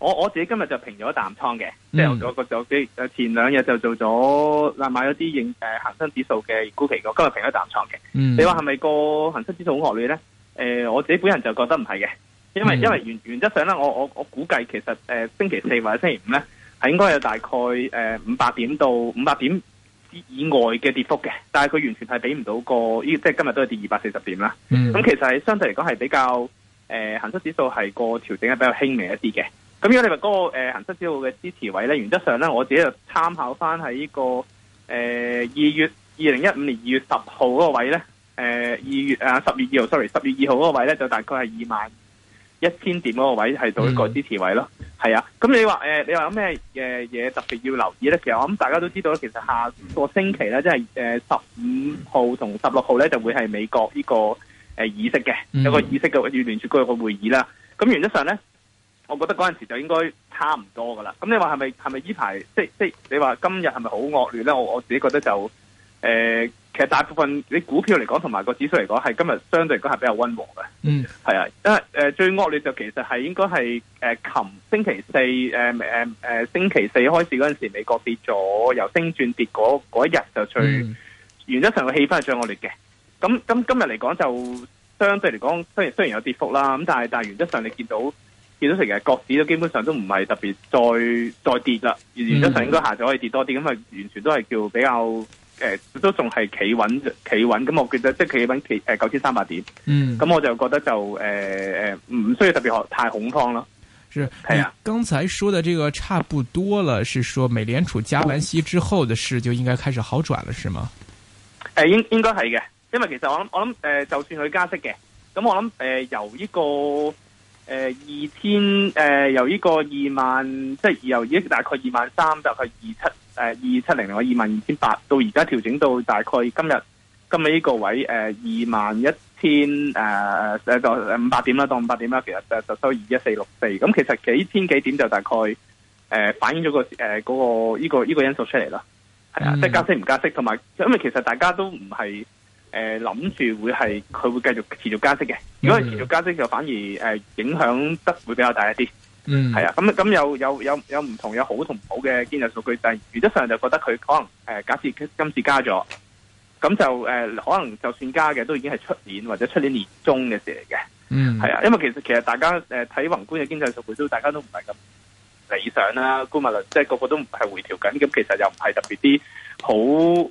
我我自己今日就平咗一啖倉嘅，嗯、即係我咗個做誒，做前兩日就做咗，嗱，買咗啲應誒、呃、恒生指數嘅沽期股，我今日平咗一啖倉嘅。嗯、你話係咪個恒生指數好惡劣咧？誒、呃，我自己本人就覺得唔係嘅，因為、嗯、因為原原則上咧，我我我估計其實誒、呃、星期四或者星期五咧，係應該有大概誒五百點到五百點以外嘅跌幅嘅，但係佢完全係畀唔到個依即係今日都係跌二百四十點啦。咁、嗯、其實係相對嚟講係比較誒、呃、恒生指數係個調整係比較輕微一啲嘅。咁如果你話嗰、那個誒、呃、恒生指數嘅支持位咧，原則上咧，我自己就參考翻喺呢個誒二、呃、月二零一五年二月十號嗰個位咧，誒、呃、二月誒十、啊、月二號，sorry 十月二號嗰個位咧，就大概係二萬一千點嗰個位係做一個支持位咯。係、嗯、啊，咁你話誒、呃、你話有咩誒嘢特別要留意咧？其實我諗大家都知道咧，其實下個星期咧，即係誒十五號同十六號咧，就會係美國呢、這個誒、呃、議息嘅，有一個議息嘅聯聯儲局嘅會議啦。咁原則上咧。我覺得嗰陣時就應該差唔多㗎喇。咁你話係咪係咪依排？即即你話今日係咪好惡劣咧？我我自己覺得就誒、呃，其實大部分你股票嚟講，同埋個指數嚟講，係今日相對嚟講係比較溫和嘅。嗯，係啊，因為誒最惡劣就其實係應該係誒琴星期四誒誒誒星期四開始嗰陣時，美國跌咗，由升轉跌嗰一日就最、嗯、原則上嘅氣氛係最惡劣嘅。咁咁、嗯、今日嚟講就相對嚟講，雖然雖然有跌幅啦，咁但係但係原則上你見到。見到成日，國指都基本上都唔係特別再再跌啦。原則上應該下晝可以跌多啲，咁啊、嗯、完全都係叫比較誒、呃，都仲係企穩企穩。咁我覺得即係企穩企誒九千三百點。嗯，咁我就覺得就誒誒，唔、呃呃、需要特別太恐慌咯。係是啊，剛才說的這個差不多了，是說美聯儲加完息之後的事就應該開始好轉了，是嗎？誒、呃，應應該係嘅，因為其實我諗我諗誒、呃，就算佢加息嘅，咁我諗誒、呃、由呢、這個。誒、呃，二千誒、呃，由呢個二萬，即係由而家大概二萬三，大概二七誒、呃、二七零,零，我二萬二千八，到而家調整到大概今日今日呢個位誒、呃、二萬一千誒誒、呃、就五百點啦，當五百點啦，其實就收二一四六四，咁、嗯、其實幾千幾點就大概誒、呃、反映咗個誒嗰、呃這個呢個呢個因素出嚟啦，係啊，嗯、即係加息唔加息，同埋因為其實大家都唔係。誒，諗住、呃、會係佢會繼續持續加息嘅。如果係持續加息就反而誒、呃、影響得會比較大一啲、嗯啊。嗯，係啊、嗯。咁咁有有有有唔同有好同唔好嘅經濟數據，但係原則上就覺得佢可能誒、呃、假設今次加咗，咁就誒、呃、可能就算加嘅都已經係出年或者出年年中嘅事嚟嘅。嗯，係啊。因為其實其實大家誒睇、呃、宏觀嘅經濟數據都大家都唔係咁理想啦、啊，沽物率即係個個都唔係回調緊。咁其實又唔係特別啲。好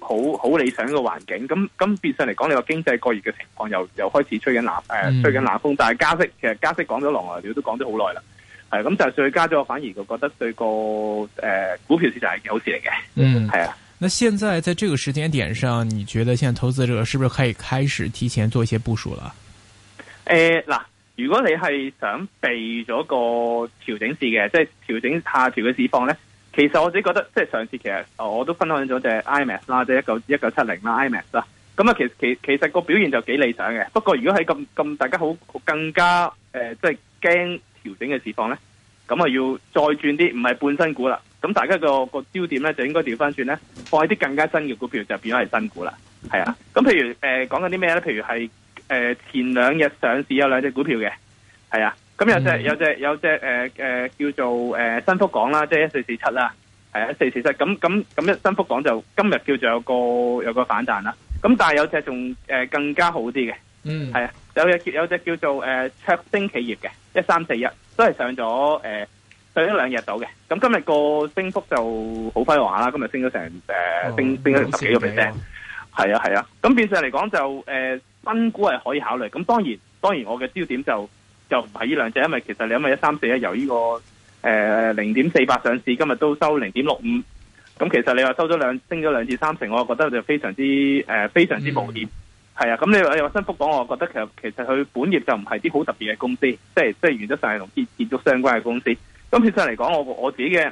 好好理想嘅環境，咁咁變相嚟講，你個經濟過熱嘅情況又又開始吹緊冷誒，吹緊冷風，但係加息其實加息講咗，狼牙料都講咗好耐啦，係咁，就算佢加咗，反而我覺得對個誒股票市場係件好事嚟嘅，嗯，係啊。那現在在這個時間點上，你覺得現在投資者是不是可以開始提前做一些部署啦？誒、嗯，嗱，如果你係想避咗個調整市嘅，即係調整下調嘅市況咧。其實我自己覺得，即係上次其實我都分享咗隻 IMAX 啦，即係一九一九七零啦，IMAX 啦。咁啊，其實其其實個表現就幾理想嘅。不過如果喺咁咁，大家好更加誒，即係驚調整嘅市況咧，咁啊要再轉啲，唔係半新股啦。咁大家個個焦點咧就應該調翻轉咧，放喺啲更加新嘅股票，就變咗係新股啦。係啊，咁譬如誒講緊啲咩咧？譬如係誒、呃、前兩日上市有兩隻股票嘅，係啊。咁有隻、嗯、有隻有隻誒、呃、叫做誒、呃呃、新福港啦，即係一四四七啦，一四四七。咁咁咁一新福港就今日叫做有個有個反彈啦。咁但係有隻仲誒、呃、更加好啲嘅，嗯，啊，有隻有隻叫做誒卓、呃、星企業嘅一三四一，都係上咗誒、呃、上一兩日到嘅。咁今日個升幅就好輝煌啦，今日升咗成誒、呃、升升咗十幾個 percent，係啊係啊。咁、哦嗯、變相嚟講就誒、呃、新股係可以考慮。咁當然當然我嘅焦點就。就唔係呢兩隻，因為其實你因為一三四一由呢、這個誒零點四八上市，今日都收零點六五，咁其實你話收咗兩升咗兩至三成，我覺得就非常之誒、呃、非常之冒險，係啊、嗯。咁你又話新福講，我覺得其實其實佢本業就唔係啲好特別嘅公司，即係即係原則上係同建建築相關嘅公司。咁其實嚟講，我我自己嘅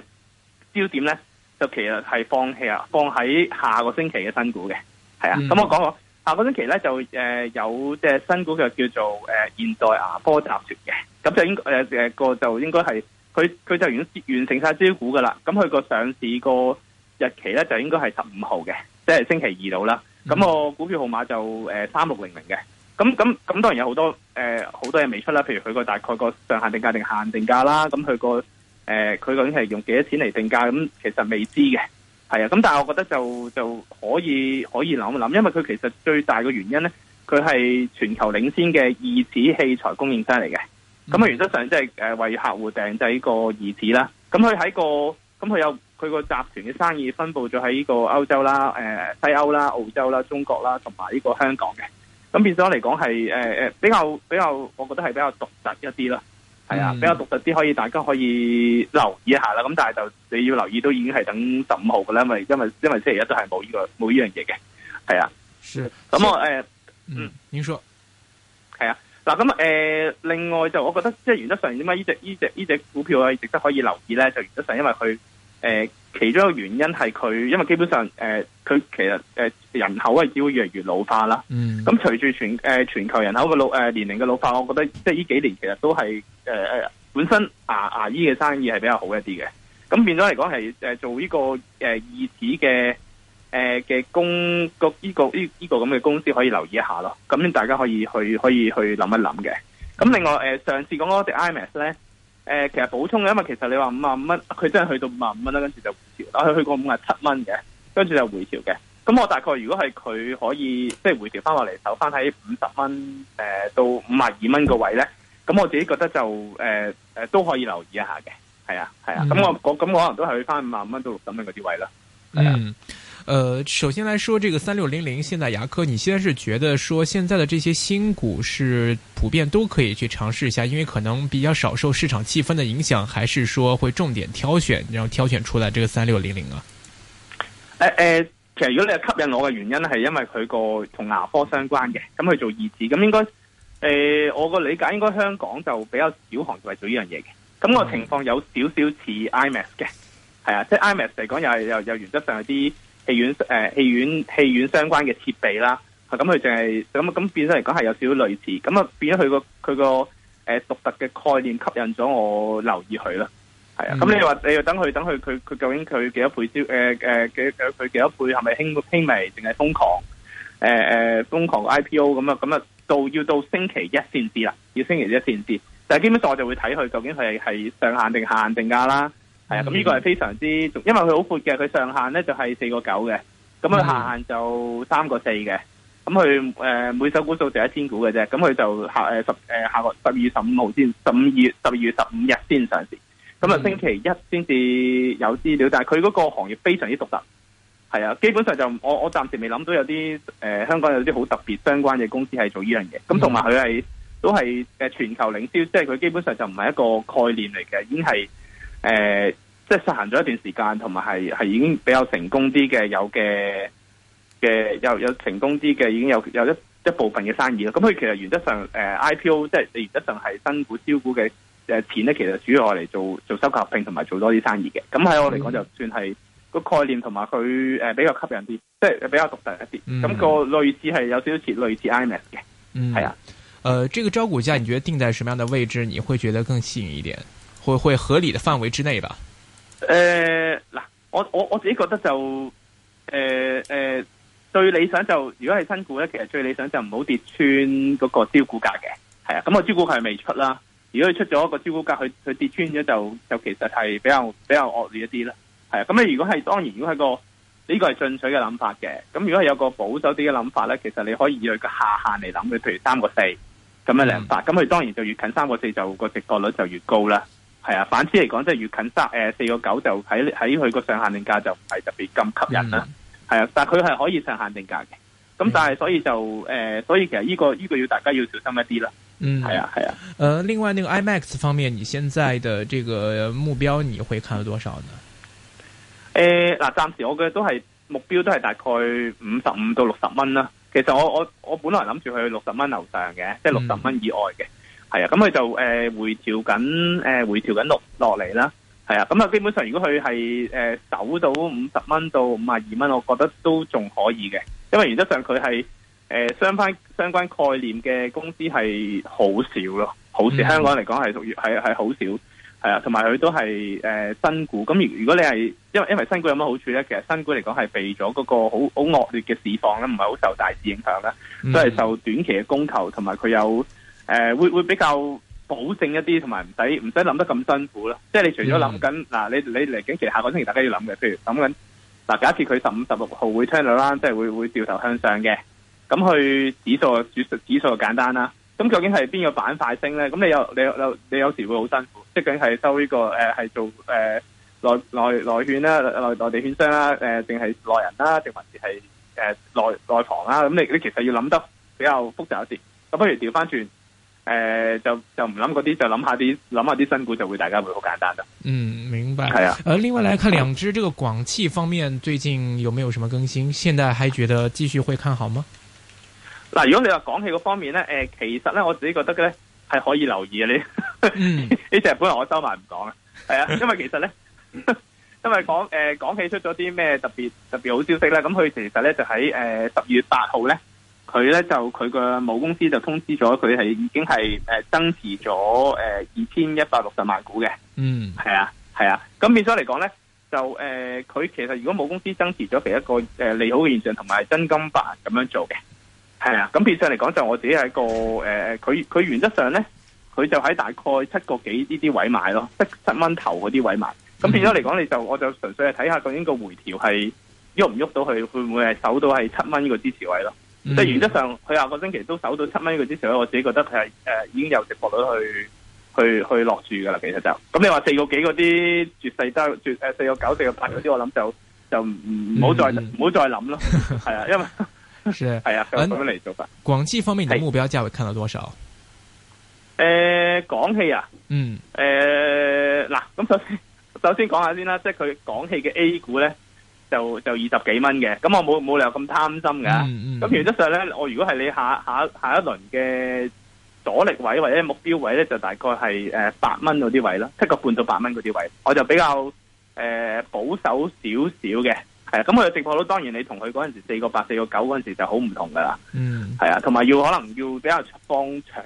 焦點咧，就其實係放棄啊，放喺下個星期嘅新股嘅，係啊。咁我講我。嗯下個星期咧就誒、呃、有隻新股票叫做誒、呃、現代牙科集團嘅，咁就應誒誒個就應該係佢佢就完完成晒招股噶啦，咁佢個上市個日期咧就應該係十五號嘅，即係星期二到啦。咁我股票號碼就誒三六零零嘅。咁咁咁當然有好多誒好、呃、多嘢未出啦，譬如佢個大概個上限定價定限定價啦，咁佢個誒佢究竟經係用幾多錢嚟定價，咁其實未知嘅。係啊，咁但係我覺得就就可以可以諗一諗，因為佢其實最大嘅原因咧，佢係全球領先嘅義肢器材供應商嚟嘅。咁啊，原則上即係誒為客戶訂製呢個義肢啦。咁佢喺個咁佢有佢個集團嘅生意分佈咗喺呢個歐洲啦、誒、呃、西歐啦、澳洲啦、中國啦同埋呢個香港嘅。咁變咗嚟講係誒誒比較比較，我覺得係比較獨特一啲啦。係啊，比較獨特啲，可以大家可以留意一下啦。咁但係就你要留意，都已經係等十五號噶啦，咪因為因為星期一都係冇呢個冇呢樣嘢嘅。係啊，是。咁我誒，是呃、嗯，您說係啊。嗱，咁、呃、誒，另外就我覺得即係原則上點解呢隻呢隻呢隻股票係值得可以留意咧？就原則上因為佢。誒，其中一個原因係佢，因為基本上，誒、呃，佢其實，誒、呃，人口係只會越嚟越老化啦。嗯、mm.。咁隨住全誒全球人口嘅老誒、呃、年齡嘅老化，我覺得即係呢幾年其實都係誒誒本身牙牙醫嘅生意係比較好一啲嘅。咁變咗嚟講係誒做呢、這個誒椅子嘅誒嘅公局，依、這個依依、這個咁嘅、這個、公司可以留意一下咯。咁大家可以去可以去諗一諗嘅。咁另外誒、呃、上次講嗰隻 Imax 咧。誒、呃，其實補充嘅，因為其實你話五十五蚊，佢真係去到五十五蚊啦，跟住就回調，啊，佢去過五十七蚊嘅，跟住就回調嘅。咁我大概如果係佢可以即係、就是、回調翻落嚟，走翻喺五十蚊，誒到五十二蚊個位咧，咁我自己覺得就誒誒、呃呃、都可以留意一下嘅，係啊係啊。咁、啊、我那我咁可能都係去翻五十五蚊到六十蚊嗰啲位啦，係啊。嗯呃，首先來說，這個三六零零現代牙科，你現在是覺得說現在的這些新股是普遍都可以去嘗試一下，因為可能比較少受市場氣氛的影響，還是說會重點挑選，然後挑選出來這個三六零零啊？誒、呃呃、其實如果你係吸引我嘅原因係因為佢個同牙科相關嘅，咁去做義齒。咁應該誒、呃，我個理解應該香港就比較少行業做呢樣嘢嘅，咁個情況有少少似 IMAX 嘅，係啊、嗯，即係 IMAX 嚟講又係又又原則上有啲。戲院戲院戲院相關嘅設備啦，咁佢淨係咁咁變相嚟講係有少少類似，咁啊變咗佢個佢個誒獨特嘅概念吸引咗我留意佢啦，啊，咁、嗯、你話你要等佢等佢佢佢究竟佢幾多倍消誒佢幾多倍係咪輕微？淨定係瘋狂誒誒、呃、瘋狂 IPO 咁啊咁啊到要到星期一先知啦，要星期一先知，但係基本上我就會睇佢究竟佢係上限定下限定價啦。係啊，咁呢個係非常之，因為佢好闊嘅，佢上限咧就係四個九嘅，咁佢下限就三個四嘅，咁佢誒每首股數就一千股嘅啫，咁佢就下誒十誒下個十二月十五號先，十五月十二月十五日先上市，咁啊星期一先至有資料，但係佢嗰個行業非常之獨特，係啊，基本上就我我暫時未諗到有啲誒、呃、香港有啲好特別相關嘅公司係做呢樣嘢，咁同埋佢係都係誒全球領銷，即係佢基本上就唔係一個概念嚟嘅，已經係。誒、呃，即係實行咗一段時間，同埋係係已經比較成功啲嘅，有嘅嘅有有成功啲嘅，已經有有一一部分嘅生意咯。咁佢其實原則上誒 IPO 即係你原則上係新股招股嘅誒錢咧，其實主要我嚟做做收購合併同埋做多啲生意嘅。咁喺我嚟講，就算係個概念同埋佢誒比較吸引啲，即係比較獨特一啲。咁個類似係有少少似類似 IMAX 嘅，係啊。誒，呢個招股價你覺得定在什麼樣的位置你會覺得更吸引一點？會會合理的範圍之內吧？誒嗱、呃，我我我自己覺得就誒誒最理想就如果係新股咧，其實最理想就唔好跌穿嗰個招股價嘅，係啊。咁個招股價係未出啦。如果佢出咗一個招股價，佢佢跌穿咗就就其實係比較比較惡劣一啲啦。係啊。咁你如果係當然，如果係個呢、這個係進取嘅諗法嘅。咁如果係有個保守啲嘅諗法咧，其實你可以以佢嘅下限嚟諗佢，譬如三個四咁嘅諗法。咁佢、嗯、當然就越近三個四就個折扣率就越高啦。係啊，反之嚟講，即係越近三誒四個九就喺喺佢個上限定價就唔係特別咁吸引啦。係、嗯、啊，但係佢係可以上限定價嘅。咁但係所以就誒、呃，所以其實呢、呢個呢、呢個要大家要小心一啲啦。嗯，係啊，係啊。誒、呃，另外，呢個 IMAX 方面，你現在嘅這個目標你會看到多少呢？誒、呃，嗱、呃，暫時我嘅都係目標都係大概五十五到六十蚊啦。其實我我我本來諗住去六十蚊樓上嘅，即係六十蚊以外嘅。嗯係啊，咁、嗯、佢就誒、呃、回調緊，誒、呃、回調緊落落嚟啦。係啊，咁、嗯、啊，基本上如果佢係誒走到五十蚊到五十二蚊，我覺得都仲可以嘅。因為原則上佢係誒相翻相關概念嘅公司係好少咯，好少。嗯、香港嚟講係屬於係係好少，係啊。同埋佢都係誒、呃、新股。咁、嗯、如如果你係因為因為新股有乜好處咧？其實新股嚟講係避咗嗰個好好惡劣嘅市況咧，唔係好受大市影響啦，都係受短期嘅供求同埋佢有。誒、呃，會會比較保證一啲，同埋唔使唔使諗得咁辛苦啦。即係你除咗諗緊嗱，你你嚟緊期下個星期大家要諗嘅，譬如諗緊嗱，假設佢十五十六號會聽到啦，即係會會掉頭向上嘅，咁去指數指數指數就簡單啦。咁究竟係邊個板塊升咧？咁你有你有你有，你有時會好辛苦，即竟係收呢、這個誒，係、呃、做誒內內內券啦，內內地券商啦，誒，定係內人啦，定、啊呃、還是係誒內內房啦？咁、呃啊、你你其實要諗得比較複雜一啲，咁不如調翻轉。誒、呃，就就唔諗嗰啲，就諗下啲諗下啲新股，就會大家會好簡單啦。嗯，明白，係啊。誒，另外來看兩支這個廣汽方面最近有沒有什麼更新？現在還覺得繼續會看好嗎？嗱，如果你話廣汽嗰方面咧，誒、呃，其實咧，我自己覺得咧係可以留意嘅呢。呢隻、嗯、本來我收埋唔講啊，係啊，因為其實咧， 因為講誒廣汽出咗啲咩特別特別好消息咧，咁佢其實咧就喺誒十二月八號咧。佢咧就佢個母公司就通知咗，佢係已經係誒增持咗誒二千一百六十萬股嘅。嗯，係啊，係啊。咁變咗嚟講咧，就誒佢、呃、其實如果母公司增持咗，係一個誒、呃、利好嘅現象，同埋真金白銀咁樣做嘅。係啊，咁、啊、變相嚟講就我自己係一個誒，佢、呃、佢原則上咧，佢就喺大概七個幾呢啲位買咯，七七蚊頭嗰啲位買。咁變咗嚟講，你就我就純粹係睇下究竟個回調係喐唔喐到去，會唔會係守到係七蚊個支持位咯？即係、嗯、原則上，佢下個星期都守到七蚊嗰啲時候咧，我自己覺得係誒、呃、已經有值博率去去去落注噶啦，其實就咁、是。你話四個幾嗰啲絕世得絕誒、呃、四個九四個八嗰啲，我諗就就唔好再唔好、嗯、再諗咯，係啊，因為係啊，咁樣嚟做法。廣汽方面，你的目標價位看到多少？誒，廣、呃、汽啊，嗯，誒嗱、呃，咁首先首先講下先啦，即係佢廣汽嘅 A 股咧。就就二十幾蚊嘅，咁我冇冇理由咁貪心嘅。咁、嗯嗯、原則上呢，我如果係你下下下一輪嘅阻力位或者目標位呢，就大概係八蚊嗰啲位啦，七個半到八蚊嗰啲位，我就比較、呃、保守少少嘅。係啊，咁我嘅情況都，當然你，你同佢嗰陣時四個八、四個九嗰陣時就好唔同噶啦。嗯，係啊，同埋要可能要比較放長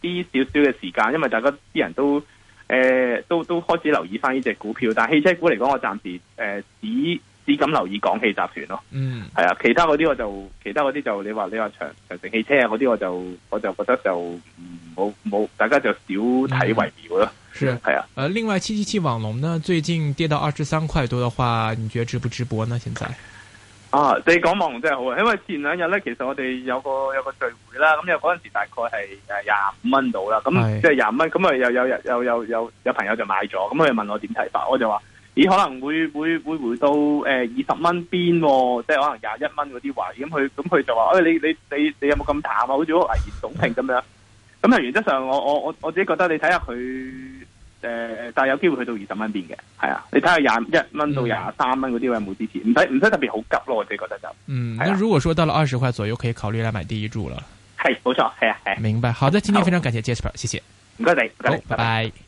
啲少少嘅時間，因為大家啲人都、呃、都都開始留意翻呢隻股票，但係汽車股嚟講，我暫時誒、呃、只只敢留意港企集團咯，係、嗯、啊，其他嗰啲我就，其他嗰啲就你話你話長長城汽車啊嗰啲我就，我就覺得就冇冇、嗯，大家就少睇為妙咯、嗯。是，係啊,啊。另外七七七網龍呢，最近跌到二十三塊多嘅話，你覺得值不值博呢？現在？啊，你講網龍真係好啊，因為前兩日呢，其實我哋有個有個聚會啦，咁又嗰陣時大概係誒廿五蚊到啦，咁、嗯、是即係廿五蚊，咁啊又有有有有,有朋友就買咗，咁、嗯、佢問我點睇法，我就話。你可能會會會回到誒二十蚊邊喎，即係可能廿一蚊嗰啲位咁佢咁佢就話，哎，你你你你有冇咁淡啊？好似好危言聳聽咁樣。咁啊，原則上我我我我自己覺得你睇下佢誒、呃，但係有機會去到二十蚊邊嘅，係啊。你睇下廿一蚊到廿三蚊嗰啲位冇支持，唔使唔使特別好急咯。我自己覺得就嗯。啊、如果說到了二十塊左右，可以考慮來買第一注了。係冇錯，係啊，係、啊。明白，好的，今天非常感謝 Jasper，好謝謝。唔該你，好拜拜。拜拜。